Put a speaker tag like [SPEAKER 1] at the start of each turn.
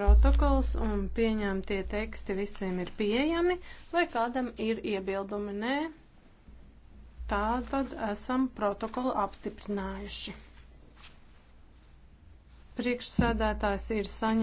[SPEAKER 1] protokols un pieņemtie teksti visiem ir pieejami, vai kādam ir iebildumi? Nē. Tātad esam protokolu apstiprinājuši. Priekšsēdētājs ir saņēmis.